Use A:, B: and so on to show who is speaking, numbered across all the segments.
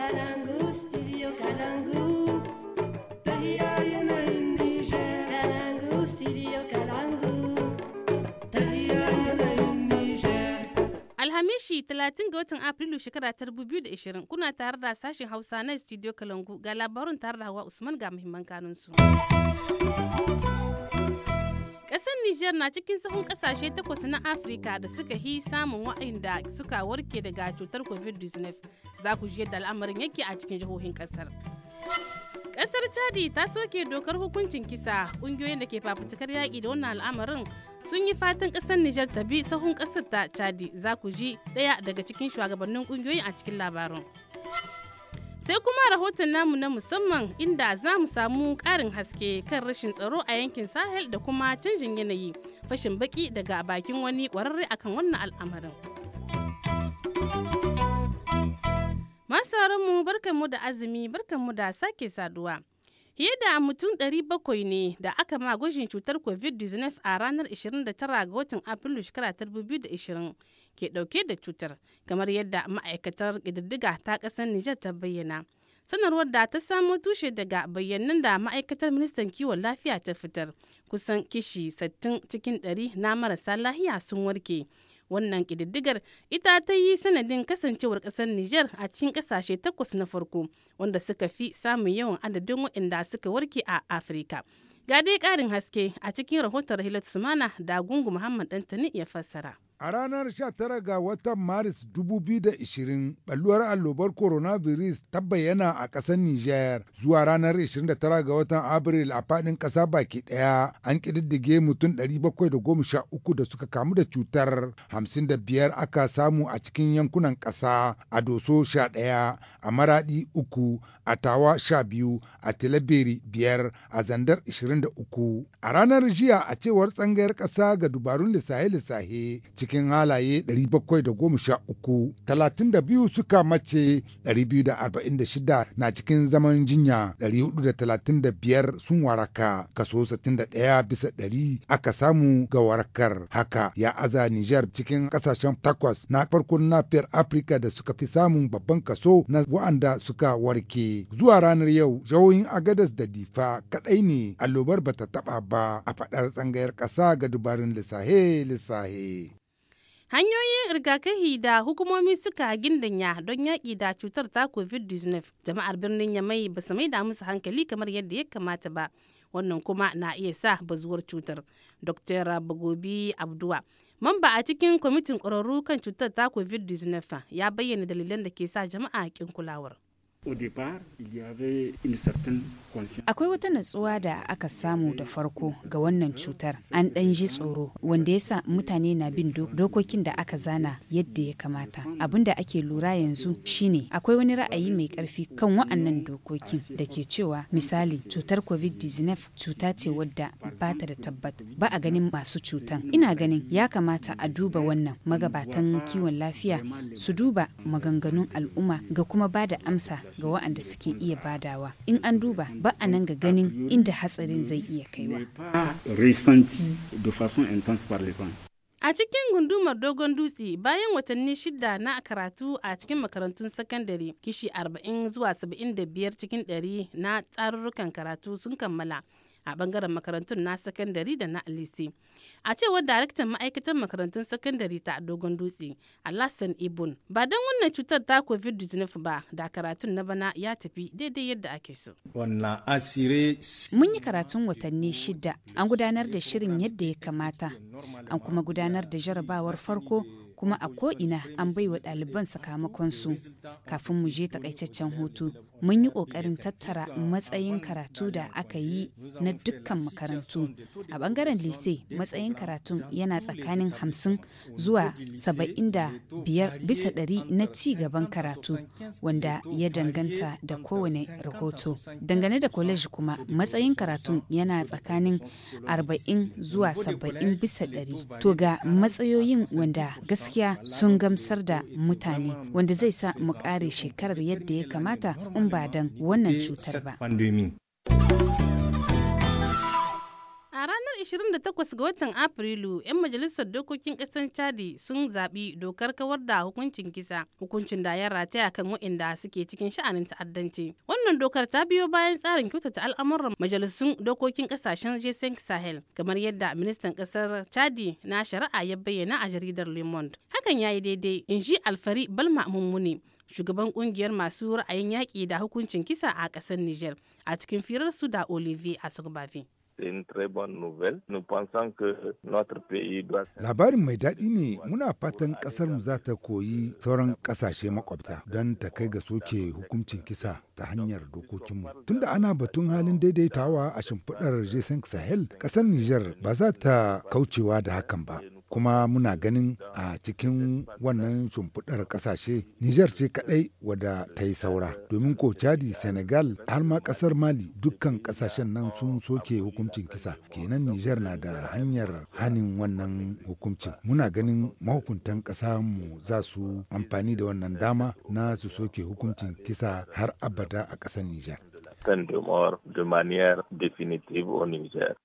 A: Kalangu, studio Kalangu. Alhamishi 30 ga watan Afrilu shekara ta 2020 kuna tare da sashen Hausa na studio Kalangu ga labarin tare da Hawa Usman ga muhimman kanunsu. Ƙasar Nijar na cikin sahun ƙasashe takwas na Afirka da suka yi samun waɗanda suka warke daga cutar COVID-19 za ku ji yadda al'amarin yake a cikin jihohin ƙasar. Ƙasar Chadi ta soke dokar hukuncin kisa ƙungiyoyin da ke fafutukar yaƙi da wannan al'amarin sun yi fatan ƙasar Nijar ta bi sahun ƙasar ta Chadi za ku ji ɗaya daga cikin shugabannin ƙungiyoyin a cikin labarin. sai kuma rahoton namu na musamman inda za mu samu karin haske kan rashin tsaro a yankin sahel da kuma canjin yanayi fashin baki daga bakin wani kwararre akan wannan al'amarin masu mu barkanmu da azumi barkanmu da sake saduwa fiye da mutum 700 ne da aka ma gwajin cutar covid-19 a ranar 29 ga watan afrilu shekara 2020 ke dauke da cutar kamar yadda ma'aikatar kididdiga ta ƙasar Nijar ta bayyana. sanarwar da ta samo tushe daga bayyanan da ma'aikatar ministan kiwon lafiya ta fitar kusan kishi 60 cikin 100 na marasa lahiya sun warke wannan kididdigar ita ta yi sanadin kasancewar ƙasar nijar a cikin kasashe takwas na farko wanda suka fi samun yawan adadin waɗanda suka warke a afirka ga dai ƙarin haske a cikin rahoton rahilat sumana da gungu muhammad dantani ya fassara
B: A ranar 19 ga watan Maris 2020, ɓalluwar allobar coronavirus ta bayyana a ƙasar Nijar zuwa ranar 29 ga watan Abril a faɗin ƙasa baki ɗaya an ƙididdige mutum 713 da suka kamu da cutar 55 aka samu a cikin yankunan ƙasa a doso 11 a maraɗi 3 a tawa 12 a tilaberi 5 a zandar 23. A ranar jiya a cewar tsangayar ƙasa ga dubarun lissahe-lissahe cikin halaye 713 32 suka mace 246 na cikin zaman jinya 435 sun waraka kaso 61 bisa 100 aka samu ga warakar haka ya aza Nijar cikin kasashen takwas na farkon nafiyar Afirka da suka fi samun babban kaso na wa'anda suka warke zuwa ranar yau jihohin Agadas da Difa kadai ne allobar bata taba ba a fadar tsangayar ƙasa ga dubarin lissahe lissahe.
A: Hanyoyin rigakafi da hukumomi suka gindanya don yaƙi da cutar ta COVID-19 jama'ar birnin Yamai ba su da musu hankali kamar yadda ya kamata ba. Wannan kuma na iya sa bazuwar cutar. Dr. Bagobi Abdua, mamba a cikin kwamitin ƙwararru kan cutar ta COVID-19 ya bayyana dalilan da ke sa jama'a ƙin kulawar.
C: Akwai wata natsuwa da aka samu da farko ga wannan cutar an ɗan ji tsoro wanda yasa mutane na bin dokokin da aka zana yadda ya kamata. Abin da ake lura yanzu shine akwai wani ra'ayi mai ƙarfi kan wa'annan dokokin da ke cewa misali cutar COVID-19 cuta ce wadda ba ta da tabbat ba a ganin masu cutan. Ina ganin ya kamata a duba wannan magabatan kiwon lafiya su duba maganganun al'umma ga kuma ba da amsa ga waɗanda suke iya badawa in an duba ba a nan ga ganin inda hatsarin zai iya kaiwa
A: A cikin gundumar Dogon Dutse bayan watanni shida na karatu a cikin makarantun sakandare kishi 40 zuwa 75 cikin 100 na tsarurrukan karatu sun kammala a bangaren makarantun na sakandare da na alisi a cewar daraktan ma'aikatan makarantun sakandare ta dogon dutse alasan ibon ba don wannan cutar ta covid-19 ba da karatun na bana ya tafi daidai yadda ake so
D: mun
C: yi karatun watanni shida an gudanar da shirin yadda ya kamata an kuma gudanar da jarabawar farko kuma a ko'ina an bai wa ɗaliban sakamakon su kafin mu je takaitaccen hutu mun yi ƙoƙarin tattara matsayin karatu da aka yi na dukkan makarantu a bangaren lise matsayin karatun yana tsakanin hamsin zuwa saba'in da biyar bisa ɗari na ci gaban karatu wanda ya danganta da kowane rahoto dangane da kwaleji kuma matsayin karatun yana tsakanin arba'in zuwa saba'in bisa ɗari to ga matsayoyin wanda gaskiya gaskiya sun gamsar da mutane wanda zai sa mu kare shekarar yadda ya kamata in ba don wannan cutar
D: ba.
A: ranar 28 ga watan Afrilu, 'yan majalisar dokokin kasar Chadi sun zaɓi dokar kawar da hukuncin kisa, hukuncin da ya rataya kan waɗanda suke cikin sha'anin ta'addanci. Wannan dokar ta biyo bayan tsarin kyautata al'amuran majalisun dokokin ƙasashen G5 Sahel, kamar yadda ministan ƙasar Chadi na shari'a ya bayyana a jaridar Le Monde. Hakan ya yi daidai, in ji Alfari Balma Mummuni, shugaban kungiyar masu ra'ayin yaƙi da hukuncin kisa a ƙasar Nijar a cikin su da Olivier Asogbafi.
D: une très bonne nouvelle. Nous pensons que notre pays doit...
B: Labarin mai daɗi ne muna fatan ƙasarmu za ta koyi sauran ƙasashe makwabta don ta kai ga soke hukuncin kisa ta hanyar dokokinmu. Tunda ana batun halin daidaitawa a shimfiɗar g Sahel, ƙasar Nijar ba za ta kaucewa da hakan ba. kuma muna ganin a cikin wannan shimfiɗar ƙasashe Nijar ce kaɗai wadda ta yi saura domin ko Chadi Senegal har ma ƙasar Mali dukkan ƙasashen nan sun soke hukuncin kisa kenan Nijar na da hanyar hanin wannan hukuncin muna ganin mahukuntan ƙasa mu za su amfani da wannan dama na su soke hukuncin kisa har abada a ƙasar Nijar.
D: Niger.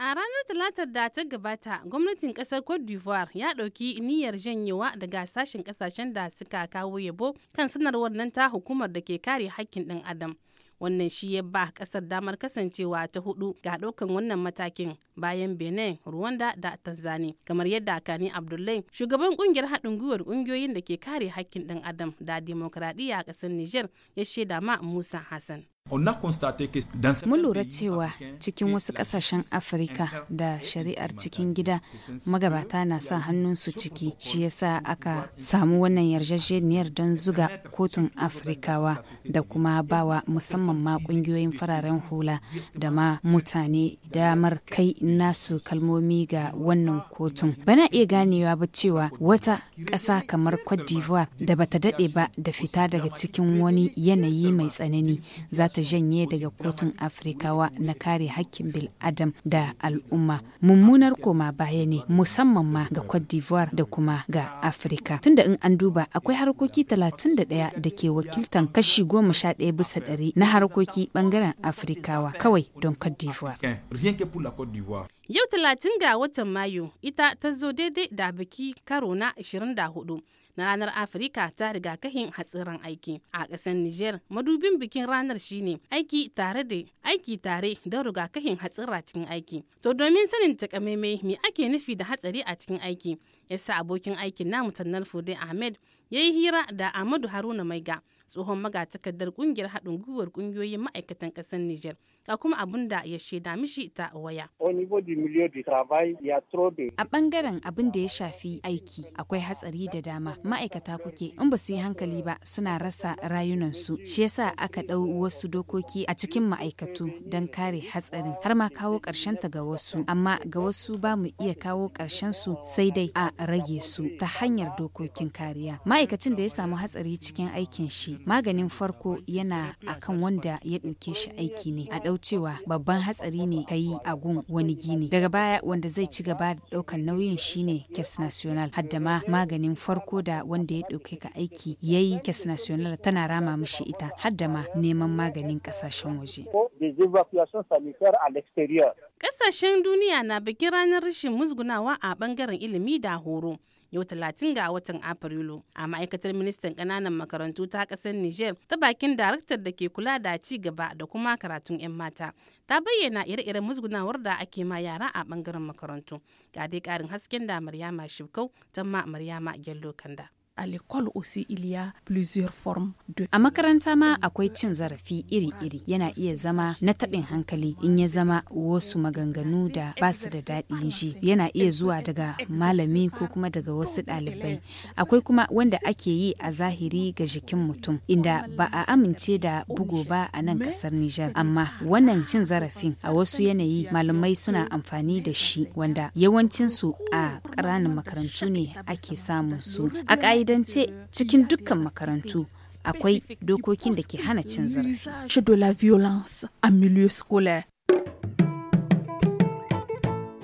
A: A ranar Talatar da ta gabata, gwamnatin ƙasar Cote d'Ivoire ya ɗauki niyyar janyewa daga sashen ƙasashen da suka kawo yabo kan sanarwar nan ta hukumar da ke kare hakkin ɗan Adam. Wannan shi ya ba ƙasar damar kasancewa ta hudu ga ɗaukan wannan matakin bayan Benin, Rwanda da Tanzania. Kamar yadda Kani Abdullahi, shugaban ƙungiyar haɗin gwiwar ƙungiyoyin da ke kare hakkin ɗan Adam da demokradiyya a ƙasar Niger ya shaida ma Musa Hassan.
D: Mun lura
C: cewa cikin wasu ƙasashen Afirka da shari'ar cikin gida magabata na sa hannunsu ciki shi yasa aka samu wannan yarjejeniyar don zuga kotun Afirkawa da kuma bawa musamman ma ƙungiyoyin fararen hula da ma mutane damar kai nasu kalmomi ga wannan kotun. Bana iya ganewa ba cewa wata ƙasa kamar Cote d'Ivoire da bata daɗe ba da fita daga cikin wani yanayi mai tsanani za ta janye daga kotun Afrikawa na kare hakkin bil'adam da al'umma. Mummunar koma baya ne musamman ma ga Cote d'Ivoire da kuma ga Afirka. Tunda in an duba akwai harkoki talatin da da ke wakiltan kashi goma sha 11 bisa ɗari na harkoki bangaren afirkawa kawai
D: don Cote d'Ivoire. rien que pour la Côte d'Ivoire.
A: Yau talatin ga watan Mayu ita ta zo daidai da biki karo na 24 na ranar Afirka ta rigakafin hatsiran aiki a ƙasar Niger. Madubin bikin ranar shine aiki tare da aiki tare don rigakafin hatsira cikin aiki. To domin sanin takamaimai me ake nufi da hatsari a cikin aiki, yasa abokin aikin namu Tannal Fude Ahmed ya yi hira da Ahmadu Haruna Maiga. tsohon magatakardar kungiyar haɗin gwiwar kungiyoyin ma'aikatan ƙasar Nijar ga kuma abin da ya shaida mishi ta waya.
C: A ɓangaren abin da ya shafi aiki akwai hatsari da dama ma'aikata kuke in ba su yi hankali ba suna rasa rayunansu shi yasa aka ɗau wasu dokoki a cikin ma'aikatu don kare hatsarin har ma kawo ƙarshen ta ga wasu amma ga wasu ba mu iya kawo ƙarshen su sai dai a rage su ta hanyar dokokin kariya ma'aikacin da ya samu hatsari cikin aikin shi maganin farko yana akan wanda ya ɗauke shi aiki ne a ɗaucewa babban hatsari ne ka yi a gun wani gini daga baya wanda zai ci gaba da ɗaukar nauyin shine kes national hadda maganin farko da wanda ya ɗauke ka aiki ya yi kes national tana rama mishi ita hadda ma neman maganin ƙasashen waje.
A: Ƙasashen duniya na bikin ranar rashin musgunawa a ɓangaren ilimi da horo. yau talatin ga watan afrilu a ma'aikatar ministan kananan makarantu ta ƙasar niger ta bakin daraktar da ke kula da ci gaba da kuma karatun 'yan mata ta bayyana ire-iren musgunawar da ake ma yara a bangaren makarantu ga dai ƙarin hasken da maryama shibkau ta ma maryama gyallo kanda
C: a l'école aussi il y a plusieurs formes de a makaranta ma akwai cin zarafi iri-iri yana iya zama na taɓin hankali in ya zama wasu maganganu da ba su da daɗin shi yana iya zuwa daga malami ko kuma daga wasu ɗalibai akwai kuma wanda ake yi a zahiri ga jikin mutum inda ba a amince da bugu ba a nan ƙasar Nijar amma wannan cin zarafin a wasu yanayi malamai suna amfani da shi wanda yawancinsu a ƙananan makarantu ne ake samun su a al'adance cikin dukkan makarantu akwai dokokin da ke hana cin zarafi.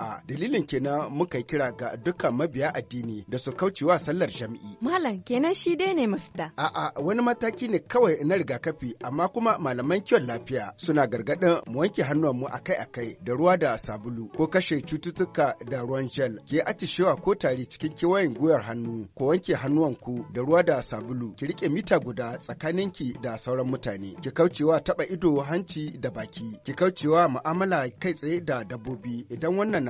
D: jama'a dalilin kenan muka kira ga dukkan mabiya addini da su kaucewa sallar jami'i. Malam kenan shi dai ne mafita. A'a wani mataki ne kawai na rigakafi amma kuma malaman kiwon lafiya suna gargadin mu wanke mu akai-akai da ruwa da sabulu ko kashe cututtuka da ruwan gel ke atishewa ko tari cikin kewayen guyar hannu ko wanke hannuwanku da ruwa da sabulu ki rike mita guda tsakaninki da sauran mutane ki kaucewa taba ido hanci da baki ki kaucewa mu'amala kai tsaye da dabbobi idan wannan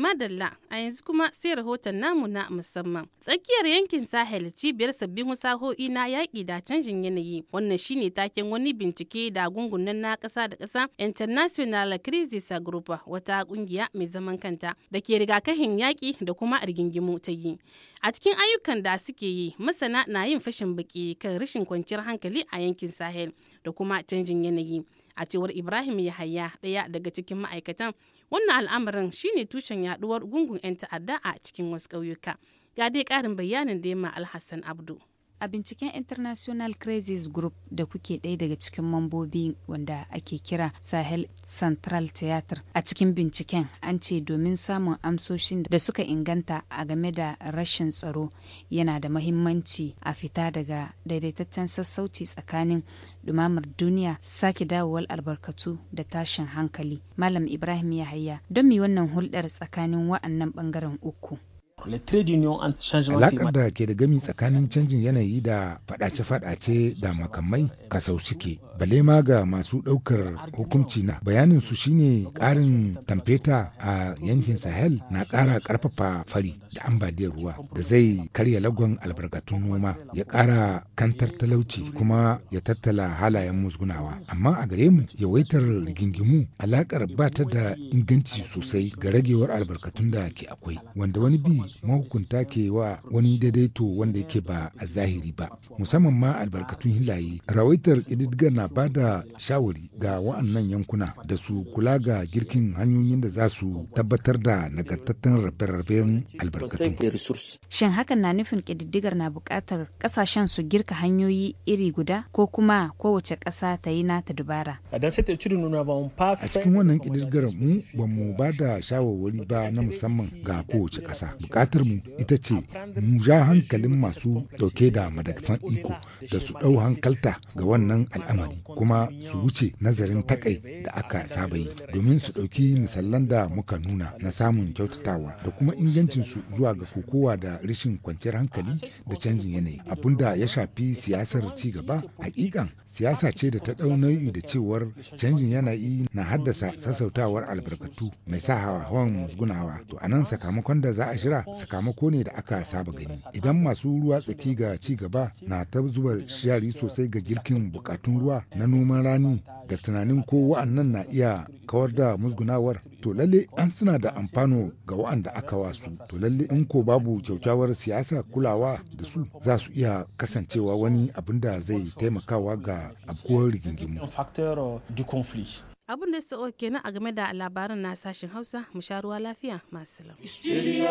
A: Madalla a yanzu kuma sai rahoton namu na musamman. Tsakiyar yankin Sahel cibiyar sabbin fasahohi na yaƙi da canjin yanayi. Wannan shine taken wani bincike da gungunan na ƙasa da ƙasa International Crisis Group wata ƙungiya mai zaman kanta da ke rigakafin yaƙi da kuma rigingimu ta yi. A cikin ayyukan da suke yi, masana na yin fashin baki kan rashin kwanciyar hankali a yankin Sahel da kuma canjin yanayi. a cewar ibrahim yahaya ɗaya daga cikin ma'aikatan wannan al'amarin shine tushen yaduwar gungun 'yan ta'adda a cikin wasu ƙauyuka ga dai ƙarin bayanin da ya ma alhassan abdu
C: A binciken International Crisis Group da kuke ɗaya daga cikin mambobi wanda ake kira Sahel Central Theater. A cikin binciken an ce domin samun amsoshin da suka inganta a game da rashin tsaro yana da mahimmanci a fita daga daidaitaccen sassauci tsakanin dumamar duniya sake dawowar albarkatu da tashin hankali. Malam Ibrahim Yahaya don mi wannan hulɗar tsakanin wa'annan ɓangaren uku.
B: Alaƙar da ke da gami tsakanin canjin yanayi da faɗace-faɗace da makamai sau suke, bale ma ga masu ɗaukar hukunci na bayanin su shine ƙarin tamfeta a yankin Sahel na ƙara ƙarfafa fari da ambaliyar ruwa da zai karya lagon albarkatun noma ya ƙara kantar talauci kuma ya tattala halayen musgunawa. Amma a gare mu yawaitar rigingimu alaƙar ba ta da inganci sosai ga ragewar albarkatun da ke akwai wanda wani bi mahukunta ke wa wani daidaito wanda yake ba a zahiri ba musamman ma albarkatun hilaye rawaitar ƙididdigar na ba da shawari ga wa'annan yankuna da su kula ga girkin hanyoyin da za su tabbatar da nagartattun rabe-raben albarkatun
C: shin hakan na nufin ƙididdigar na bukatar ƙasashen su girka hanyoyi iri guda ko kuma kowace ƙasa ta yi nata dubara
D: a
B: cikin wannan ƙididdigar mu ba mu ba da shawarwari ba na musamman ga kowace ƙasa bukatar mu ita ce mu ja hankalin masu dauke da madafan iko da su dau hankalta ga wannan al'amari kuma su wuce nazarin takai da aka saba yi domin su ɗauki misalan da muka nuna na samun kyautatawa da kuma ingancin su zuwa ga kokowa da rashin kwanciyar hankali da canjin yanayi abinda ya shafi siyasar ci gaba hakikan siyasa ce da ta dauna da cewar canjin yanayi na haddasa sassautawar albarkatu mai sa hawa hawan musgunawa to anan sakamakon da za a shira sakamako ne da aka saba saba gani idan masu ruwa tsaki ga ci gaba na ta zuba shari sosai ga girkin bukatun ruwa na noman rani da tunanin ko wa'annan na iya kawar da musgunawar to lalle an suna da amfano ga wa'anda aka wasu to lalle in ko babu kyaukyawar siyasa kulawa da su za su iya kasancewa wani abin da zai taimakawa ga abuwar rigingimu euh,
A: abin da su oke na a game da labarin na sashen hausa mu sha ruwa lafiya masu lafiya.